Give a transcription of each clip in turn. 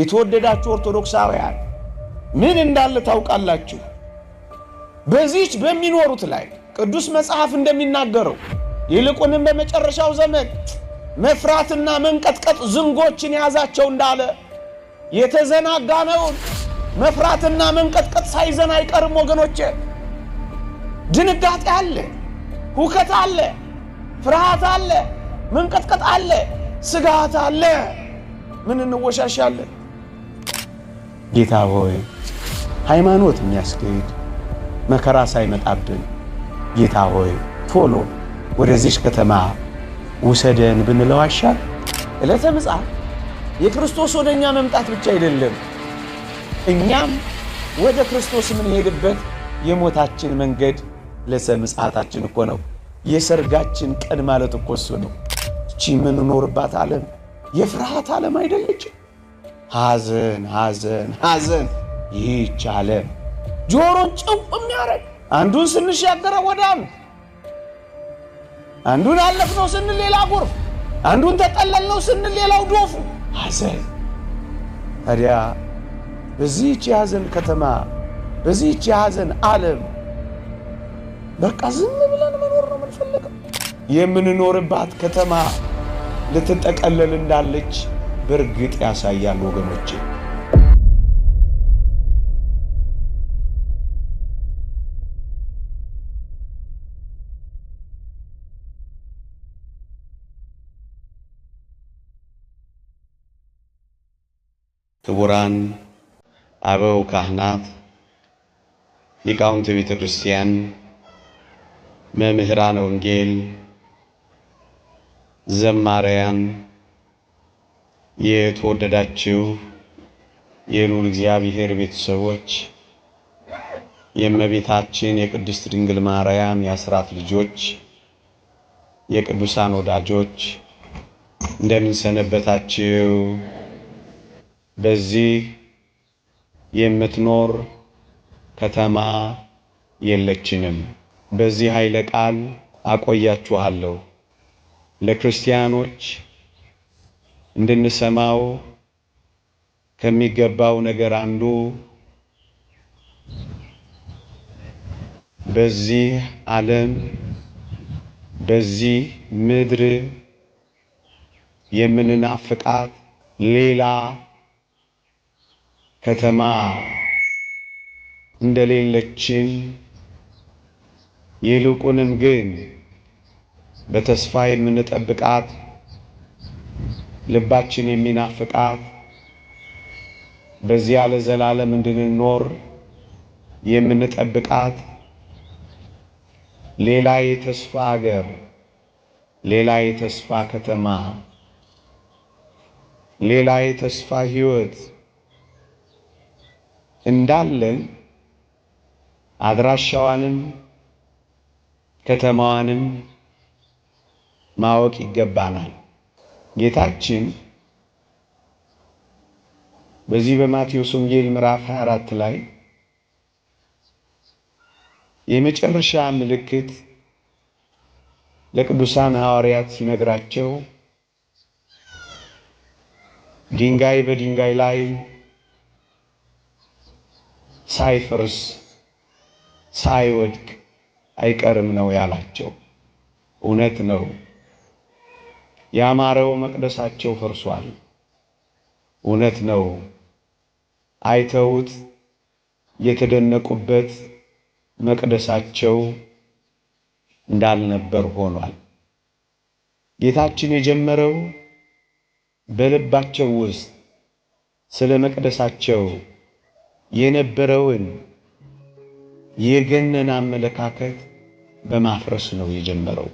የተወደዳችሁ ኦርቶዶክሳውያን ምን እንዳለ ታውቃላችሁ? በዚች በሚኖሩት ላይ ቅዱስ መጽሐፍ እንደሚናገረው ይልቁንም በመጨረሻው ዘመን መፍራትና መንቀጥቀጥ ዝንጎችን የያዛቸው እንዳለ የተዘናጋነውን መፍራትና መንቀጥቀጥ ሳይዘን አይቀርም ወገኖች ድንጋጤ አለ፣ ሁከት አለ፣ ፍርሃት አለ፣ መንቀጥቀጥ አለ፣ ስጋት አለ። ምን እንወሻሻለን? ጌታ ሆይ ሃይማኖት የሚያስገድ መከራ ሳይመጣብን ጌታ ሆይ ቶሎ ወደዚች ከተማ ውሰደን ብንለው አይሻል? ዕለተ ምጽአት የክርስቶስ ወደ እኛ መምጣት ብቻ አይደለም፣ እኛም ወደ ክርስቶስ የምንሄድበት የሞታችን መንገድ ዕለተ ምጽአታችን እኮ ነው። የሰርጋችን ቀን ማለት እኮ እሱ ነው። እቺ የምንኖርባት ዓለም የፍርሃት ዓለም አይደለችም። ሐዘን ሐዘን ሐዘን ይህች ዓለም ጆሮን ጭንቁ የሚያደርግ አንዱን ስንሻገረ ወዳ አንድ አንዱን አለፍነው ስንል ሌላ ጎርፍ፣ አንዱን ተጠለልነው ስንል ሌላው ዶፉ ሐዘን። ታዲያ በዚህች የሐዘን ከተማ በዚህች የሐዘን ዓለም በቃ ዝም ብለን መኖር ነው የምንፈልገው። የምንኖርባት ከተማ ልትጠቀለል እንዳለች በእርግጥ ያሳያል ወገኖቼ። ክቡራን አበው ካህናት፣ ሊቃውንተ ቤተ ክርስቲያን፣ መምህራን ወንጌል፣ ዘማሪያን የተወደዳችሁ የሉል እግዚአብሔር ቤተሰቦች የእመቤታችን የቅድስት ድንግል ማርያም የአስራት ልጆች የቅዱሳን ወዳጆች እንደምን ሰነበታችሁ? በዚህ የምትኖር ከተማ የለችንም። በዚህ ኃይለ ቃል አቆያችኋለሁ። ለክርስቲያኖች እንድንሰማው ከሚገባው ነገር አንዱ በዚህ ዓለም በዚህ ምድር የምንናፍቃት ሌላ ከተማ እንደሌለችን ይልቁንም ግን በተስፋ የምንጠብቃት ልባችን የሚናፍቃት በዚያ ለዘላለም እንድንኖር የምንጠብቃት ሌላ የተስፋ አገር፣ ሌላ የተስፋ ከተማ፣ ሌላ የተስፋ ሕይወት እንዳለን አድራሻዋንም ከተማዋንም ማወቅ ይገባናል። ጌታችን በዚህ በማቴዎስ ወንጌል ምዕራፍ 24 ላይ የመጨረሻ ምልክት ለቅዱሳን ሐዋርያት ሲነግራቸው ድንጋይ በድንጋይ ላይ ሳይፈርስ ሳይወድቅ አይቀርም ነው ያላቸው። እውነት ነው። ያማረው መቅደሳቸው ፈርሷል። እውነት ነው። አይተውት የተደነቁበት መቅደሳቸው እንዳልነበር ሆኗል። ጌታችን የጀመረው በልባቸው ውስጥ ስለ መቅደሳቸው የነበረውን የገነን አመለካከት በማፍረስ ነው የጀመረው።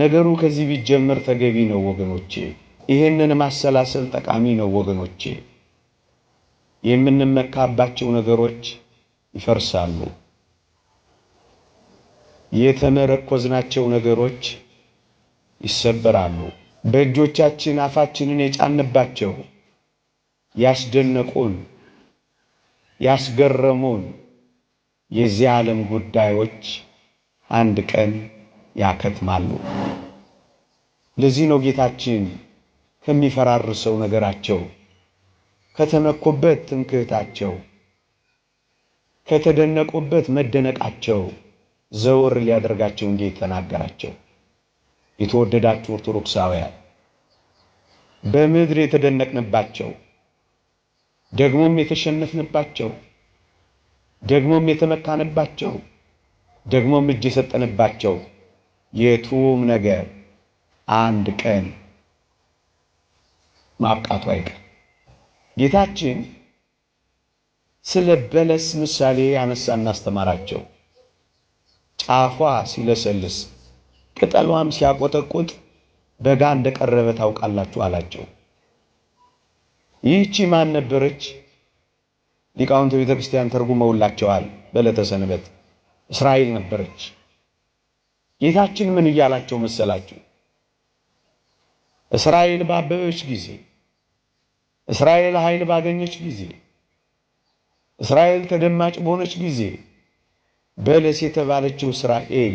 ነገሩ ከዚህ ቢጀምር ተገቢ ነው ወገኖቼ። ይህንን ማሰላሰል ጠቃሚ ነው ወገኖቼ። የምንመካባቸው ነገሮች ይፈርሳሉ። የተመረኮዝናቸው ነገሮች ይሰበራሉ። በእጆቻችን አፋችንን የጫንባቸው ያስደነቁን፣ ያስገረሙን የዚህ ዓለም ጉዳዮች አንድ ቀን ያከትማሉ። ለዚህ ነው ጌታችን ከሚፈራርሰው ነገራቸው፣ ከተመኮበት ትምክህታቸው፣ ከተደነቁበት መደነቃቸው ዘወር ሊያደርጋቸው እንጂ ተናገራቸው። የተወደዳችሁ ኦርቶዶክሳውያን በምድር የተደነቅንባቸው ደግሞም የተሸነፍንባቸው ደግሞም የተመካንባቸው ደግሞም እጅ የሰጠንባቸው የቱም ነገር አንድ ቀን ማብቃቱ አይቀር። ጌታችን ስለ በለስ ምሳሌ አነሳና አስተማራቸው። ጫፏ ሲለሰልስ ቅጠሏም ሲያቆጠቁጥ በጋ እንደቀረበ ታውቃላችሁ አላቸው። ይህቺ ማን ነበረች? ሊቃውንተ ቤተ ክርስቲያን ተርጉመውላቸዋል። በለተ ሰንበት እስራኤል ነበረች። ጌታችን ምን እያላቸው መሰላችሁ? እስራኤል ባበበች ጊዜ፣ እስራኤል ኃይል ባገኘች ጊዜ፣ እስራኤል ተደማጭ በሆነች ጊዜ፣ በለስ የተባለችው እስራኤል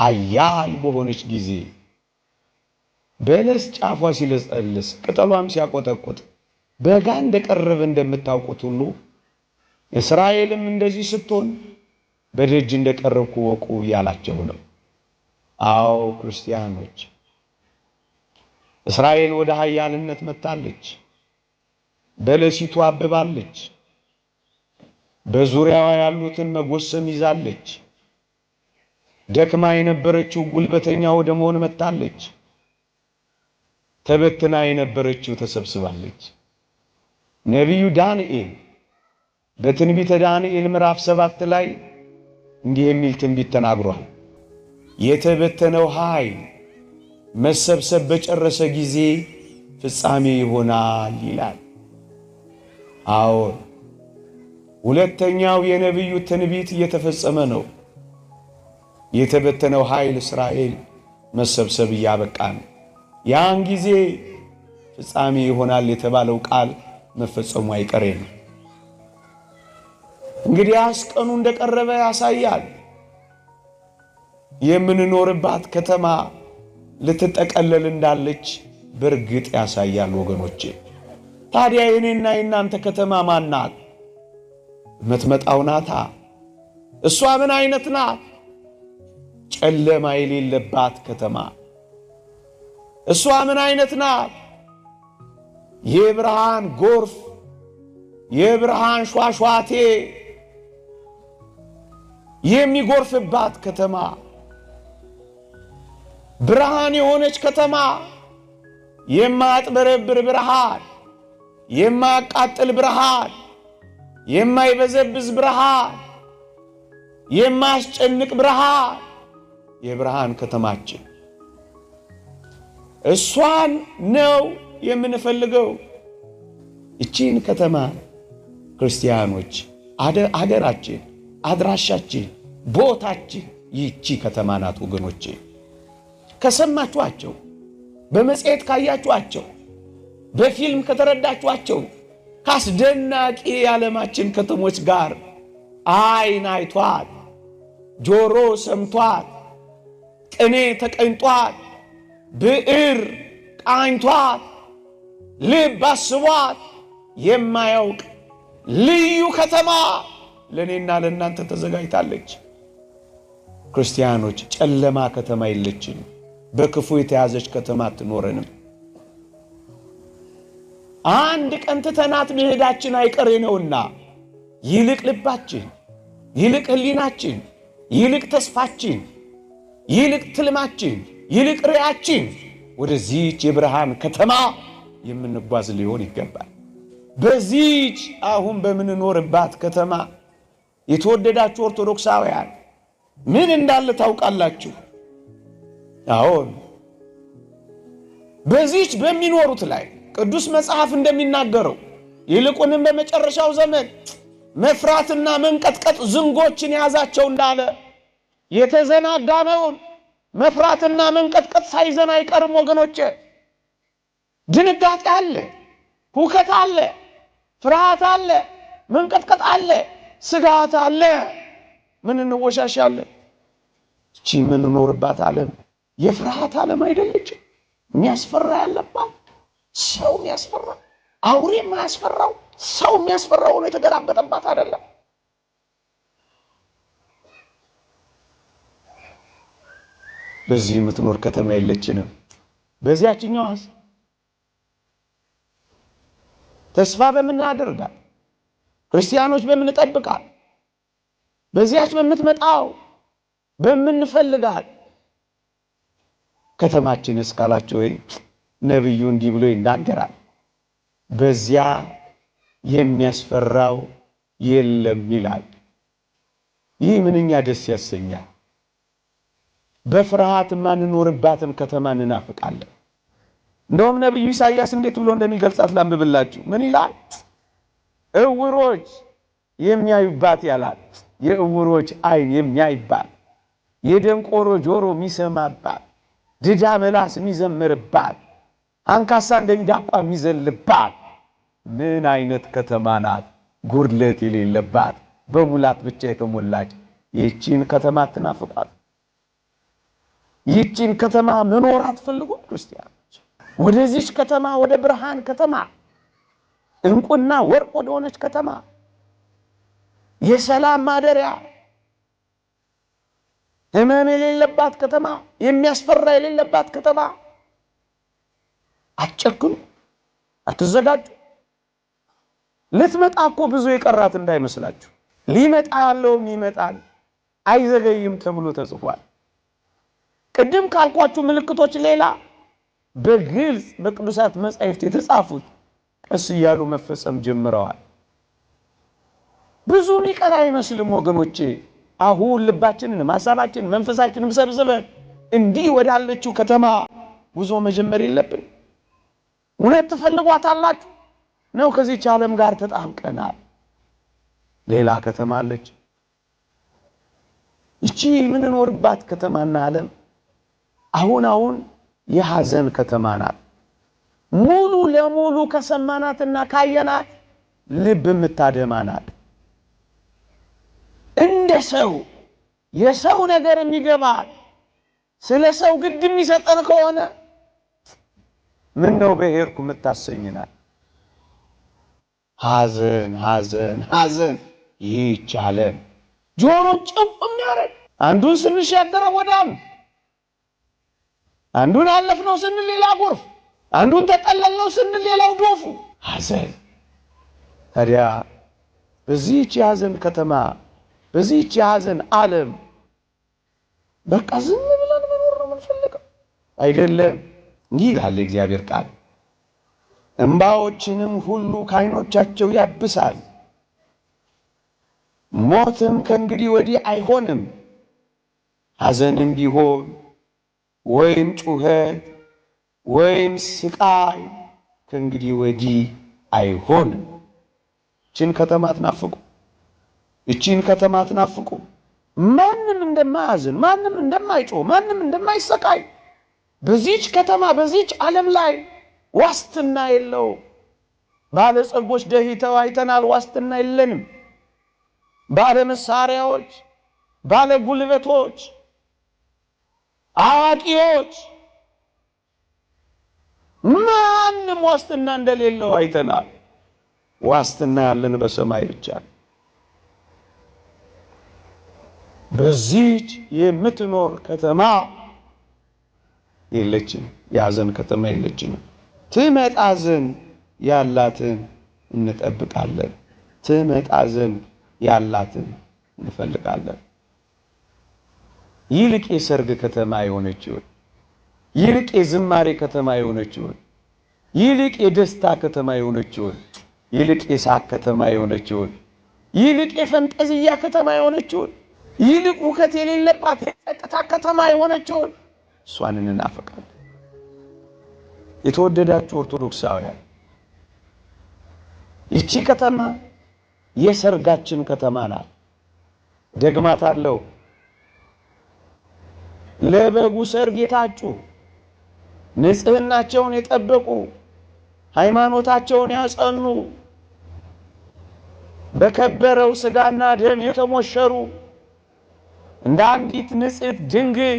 ኃያል በሆነች ጊዜ በለስ ጫፏ ሲለጸልስ ቅጠሏም ሲያቆጠቁጥ በጋ እንደቀረበ እንደምታውቁት ሁሉ እስራኤልም እንደዚህ ስትሆን በደጅ እንደቀረብኩ ወቁ እያላቸው ነው። አዎ ክርስቲያኖች፣ እስራኤል ወደ ሀያልነት መጥታለች። በለሲቱ አብባለች። በዙሪያዋ ያሉትን መጎሰም ይዛለች። ደክማ የነበረችው ጉልበተኛ ወደ መሆን መጥታለች። ተበትና የነበረችው ተሰብስባለች። ነቢዩ ዳንኤል በትንቢተ ዳንኤል ምዕራፍ ሰባት ላይ እንዲህ የሚል ትንቢት ተናግሯል። የተበተነው ኃይል መሰብሰብ በጨረሰ ጊዜ ፍጻሜ ይሆናል ይላል። አዎን ሁለተኛው የነቢዩ ትንቢት እየተፈጸመ ነው። የተበተነው ኃይል እስራኤል መሰብሰብ እያበቃ ነው። ያን ጊዜ ፍጻሜ ይሆናል የተባለው ቃል መፈጸሙ አይቀሬ ነው። እንግዲህ አስቀኑ እንደቀረበ ያሳያል። የምንኖርባት ከተማ ልትጠቀለል እንዳለች በእርግጥ ያሳያል። ወገኖቼ ታዲያ የኔና የእናንተ ከተማ ማን ናት? የምትመጣው ናታ። እሷ ምን አይነት ናት? ጨለማ የሌለባት ከተማ። እሷ ምን አይነት ናት? የብርሃን ጎርፍ፣ የብርሃን ሿሿቴ የሚጎርፍባት ከተማ ብርሃን የሆነች ከተማ የማያጥበረብር ብርሃን፣ የማያቃጥል ብርሃን፣ የማይበዘብዝ ብርሃን፣ የማያስጨንቅ ብርሃን፣ የብርሃን ከተማችን እሷን ነው የምንፈልገው። እቺን ከተማ ክርስቲያኖች አገራችን፣ አድራሻችን፣ ቦታችን ይቺ ከተማ ናት ወገኖቼ። ከሰማችኋቸው፣ በመጽሔት ካያችኋቸው፣ በፊልም ከተረዳችኋቸው ከአስደናቂ የዓለማችን ከተሞች ጋር አይን አይቷል፣ ጆሮ ሰምቷል፣ ቅኔ ተቀኝጧል፣ ብዕር ቃኝቷል፣ ልብ አስቧል የማያውቅ ልዩ ከተማ ለእኔና ለእናንተ ተዘጋጅታለች። ክርስቲያኖች ጨለማ ከተማ የለችም። በክፉ የተያዘች ከተማ አትኖረንም። አንድ ቀን ትተናት መሄዳችን አይቀሬ ነውና ይልቅ ልባችን፣ ይልቅ ህሊናችን ይልቅ ተስፋችን፣ ይልቅ ትልማችን፣ ይልቅ ራዕያችን ወደዚች የብርሃን ከተማ የምንጓዝ ሊሆን ይገባል። በዚች አሁን በምንኖርባት ከተማ የተወደዳችሁ ኦርቶዶክሳውያን ምን እንዳለ ታውቃላችሁ? አሁን በዚች በሚኖሩት ላይ ቅዱስ መጽሐፍ እንደሚናገረው ይልቁንም በመጨረሻው ዘመን መፍራትና መንቀጥቀጥ ዝንጎችን የያዛቸው እንዳለ የተዘናጋነውን መፍራትና መንቀጥቀጥ ሳይዘን አይቀርም ወገኖቼ። ድንጋጤ አለ፣ ሁከት አለ፣ ፍርሃት አለ፣ መንቀጥቀጥ አለ፣ ስጋት አለ። ምን እንወሻሻለን? እቺ ምን እንኖርባት አለን? የፍርሃት ዓለም አይደለች? የሚያስፈራ ያለባት ሰው የሚያስፈራ አውሬ የማያስፈራው ሰው የሚያስፈራው ሆኖ የተገላበጠባት አይደለም። በዚህ የምትኖር ከተማ የለችንም። በዚያችኛዋስ ተስፋ በምናደርጋት ክርስቲያኖች በምንጠብቃል በዚያች በምትመጣው በምንፈልጋል ከተማችን እስካላቸው ወይ ነቢዩ እንዲህ ብሎ ይናገራል። በዚያ የሚያስፈራው የለም ይላል። ይህ ምንኛ ደስ ያሰኛል። በፍርሃት ማንኖርባትን ከተማ እንናፍቃለን። እንደውም ነቢዩ ኢሳያስ እንዴት ብሎ እንደሚገልጻት ላንብብላችሁ። ምን ይላል? እውሮች የሚያዩባት ያላል። የእውሮች አይን የሚያይባት፣ የደንቆሮ ጆሮ የሚሰማባት ድዳ መላስ የሚዘምርባት አንካሳ እንደሚዳፋ የሚዘልባት ምን አይነት ከተማ ናት? ጉድለት የሌለባት በሙላት ብቻ የተሞላች ይህቺን ከተማ አትናፍቋት። ይህቺን ከተማ መኖር አትፈልጉም ክርስቲያኖች? ወደዚች ከተማ ወደ ብርሃን ከተማ እንቁና ወርቅ ወደሆነች ከተማ የሰላም ማደሪያ ህመም የሌለባት ከተማ፣ የሚያስፈራ የሌለባት ከተማ። አትጨክኑ፣ አትዘጋጁ። ልትመጣ እኮ ብዙ የቀራት እንዳይመስላችሁ። ሊመጣ ያለውም ይመጣል፣ አይዘገይም ተብሎ ተጽፏል። ቅድም ካልኳችሁ ምልክቶች ሌላ በግልጽ በቅዱሳት መጻሕፍት የተጻፉት ቀስ እያሉ መፈጸም ጀምረዋል። ብዙ ሊቀር አይመስልም ወገኖቼ። አሁን ልባችንንም ሀሳባችንን መንፈሳችንም ሰብስበን እንዲህ ወዳለችው ከተማ ጉዞ መጀመር የለብን? እውነት ትፈልጓታላችሁ ነው? ከዚች ዓለም ጋር ተጣምቀናል። ሌላ ከተማ አለች። ይቺ የምንኖርባት ከተማና ዓለም አሁን አሁን የሐዘን ከተማ ናት። ሙሉ ለሙሉ ከሰማናትና ካየናት ልብ የምታደማ ናት። እንደ ሰው የሰው ነገር የሚገባል። ስለ ሰው ግድ የሚሰጠን ከሆነ ምን ነው በሄድኩ የምታሰኝናል። ሐዘን ሐዘን ሐዘን ይቻለን ጆሮ ጭብ የሚያደርግ አንዱን ስንሻገረ ወዳም አንዱን አለፍነው ስንል ሌላ ጎርፍ፣ አንዱን ተጠለልነው ስንል ሌላው ዶፉ ሐዘን። ታዲያ በዚህች የሐዘን ከተማ በዚህች የሀዘን ዓለም በቃ ዝም ብለን መኖር ነው የምንፈልገው አይደለም። እንዲህ ይላል እግዚአብሔር ቃል፣ እንባዎችንም ሁሉ ከዓይኖቻቸው ያብሳል። ሞትም ከእንግዲህ ወዲህ አይሆንም፣ ሐዘንም ቢሆን ወይም ጩኸት ወይም ስቃይ ከእንግዲህ ወዲህ አይሆንም። ችን ከተማ አትናፍቁ። እቺን ከተማ አትናፍቁ። ማንም እንደማያዝን፣ ማንም እንደማይጮ ማንም እንደማይሰቃይ በዚች ከተማ በዚች ዓለም ላይ ዋስትና የለው። ባለጸጎች ደሂተው አይተናል። ዋስትና የለንም። ባለ መሳሪያዎች፣ ባለ ጉልበቶች፣ አዋቂዎች ማንም ዋስትና እንደሌለው አይተናል። ዋስትና ያለን በሰማይ ብቻ በዚች የምትኖር ከተማ የለችም፣ ያዘን ከተማ የለችም። ትመጣ ዘንድ ያላትን እንጠብቃለን። ትመጣ ዘንድ ያላትን እንፈልጋለን። ይልቅ የሰርግ ከተማ የሆነች ይሆን፣ ይልቅ የዝማሬ ከተማ የሆነች ይሆን፣ ይልቅ የደስታ ከተማ የሆነች ይሆን፣ ይልቅ የሳቅ ከተማ የሆነች ይሆን፣ ይልቅ የፈንጠዝያ ከተማ የሆነች ይልቅ ውከት የሌለባት የጸጥታ ከተማ የሆነችውን እሷን እንናፍቃለን። የተወደዳችሁ ኦርቶዶክሳውያን ይቺ ከተማ የሰርጋችን ከተማ ናት። ደግማታለሁ። ለበጉ ሰርግ የታጩ ንጽህናቸውን የጠበቁ ሃይማኖታቸውን ያጸኑ በከበረው ስጋና ደም የተሞሸሩ እንደ አንዲት ንጽሕት ድንግል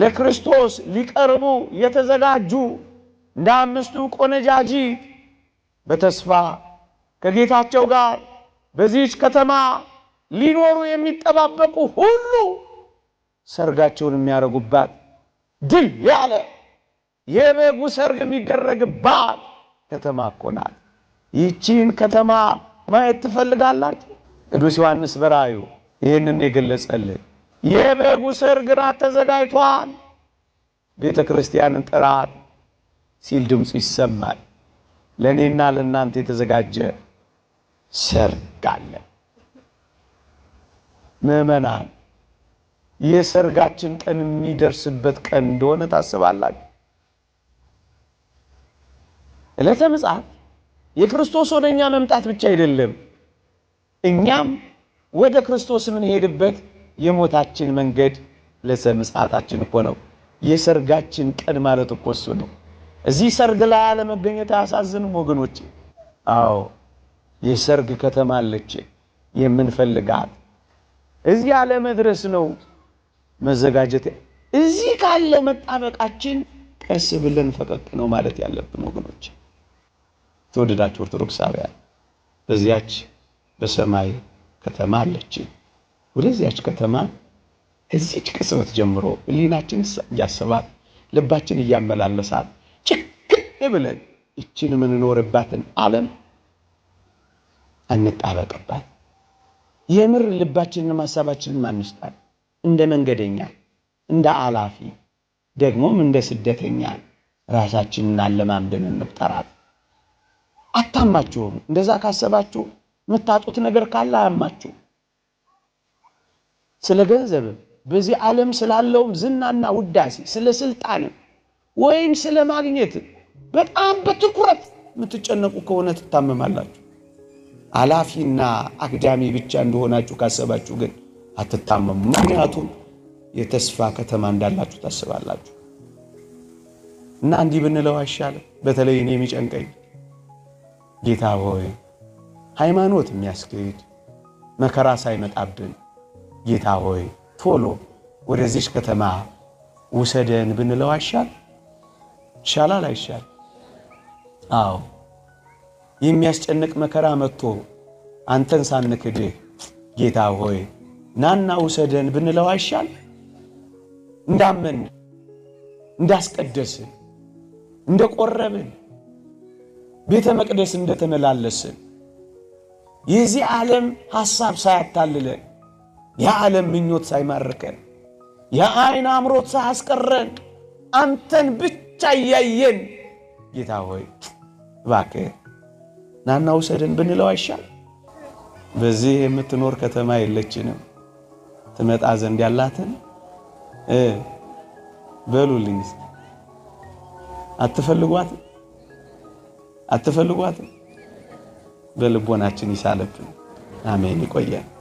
ለክርስቶስ ሊቀርቡ የተዘጋጁ እንደ አምስቱ ቆነጃጅት በተስፋ ከጌታቸው ጋር በዚህች ከተማ ሊኖሩ የሚጠባበቁ ሁሉ ሰርጋቸውን የሚያደርጉባት ድል ያለ የበጉ ሰርግ የሚደረግባት ከተማ እኮ ናት። ይቺን ከተማ ማየት ትፈልጋላችሁ? ቅዱስ ዮሐንስ በራእዩ ይህንን የገለጸልን የበጉ ሰርግ ራት ተዘጋጅቷል፣ ቤተ ክርስቲያንን ጥራት ሲል ድምፁ ይሰማል። ለእኔና ለእናንተ የተዘጋጀ ሰርግ አለ። ምዕመናን፣ የሰርጋችን ቀን የሚደርስበት ቀን እንደሆነ ታስባላችሁ? ዕለተ ምጽአት የክርስቶስ ወደ እኛ መምጣት ብቻ አይደለም፣ እኛም ወደ ክርስቶስ የምንሄድበት የሞታችን መንገድ ለሰምጽአታችን እኮ ነው። የሰርጋችን ቀን ማለት እኮ እሱ ነው። እዚህ ሰርግ ላይ አለመገኘት አያሳዝንም ወገኖች አዎ የሰርግ ከተማ አለች የምንፈልጋት። እዚህ አለመድረስ ነው መዘጋጀት። እዚህ ካለ መጣበቃችን ቀስ ብለን ፈቀቅ ነው ማለት ያለብን ወገኖች። ተወደዳችሁ ኦርቶዶክሳውያን በዚያች በሰማይ ከተማ አለች። ወደዚያች ከተማ እዚች ቅጽበት ጀምሮ ሊናችን እያሰባት ልባችን እያመላለሳት ችክል ብለን ይችን የምንኖርባትን ዓለም አንጣበቅባት። የምር ልባችንን ማሳባችንን አንስጣል። እንደ መንገደኛ፣ እንደ አላፊ ደግሞም እንደ ስደተኛ ራሳችንን አለማምደን እንፍጠራት። አታማችሁም። እንደዛ ካሰባችሁ የምታጡት ነገር ካለ አያማችሁ። ስለ ገንዘብም በዚህ ዓለም ስላለውም ዝናና ውዳሴ፣ ስለ ስልጣንም ወይም ስለ ማግኘት በጣም በትኩረት የምትጨነቁ ከሆነ ትታመማላችሁ። አላፊና አግዳሚ ብቻ እንደሆናችሁ ካሰባችሁ ግን አትታመሙ። ምክንያቱም የተስፋ ከተማ እንዳላችሁ ታስባላችሁ። እና እንዲህ ብንለው አይሻልም? በተለይ እኔ የሚጨንቀኝ ጌታ ሆይ ሃይማኖት የሚያስክድ መከራ ሳይመጣብን ጌታ ሆይ ቶሎ ወደዚች ከተማ ውሰደን ብንለው አይሻል? ይሻላል? አይሻል? አዎ የሚያስጨንቅ መከራ መጥቶ አንተን ሳንክድህ ጌታ ሆይ ናና ውሰደን ብንለው አይሻል? እንዳመን እንዳስቀደስን እንደቆረብን ቤተ መቅደስ እንደተመላለስን የዚህ ዓለም ሐሳብ ሳያታልለን የዓለም ምኞት ሳይማርከን የአይን አምሮት ሳያስቀረን አንተን ብቻ እያየን ጌታ ሆይ እባክህ ናና ውሰድን ብንለው አይሻል? በዚህ የምትኖር ከተማ የለችንም። ትመጣ ዘንድ ያላትን በሉልኝ አትፈልጓትም አትፈልጓትም። በልቦናችን ይሳለብን። አሜን። ይቆያል።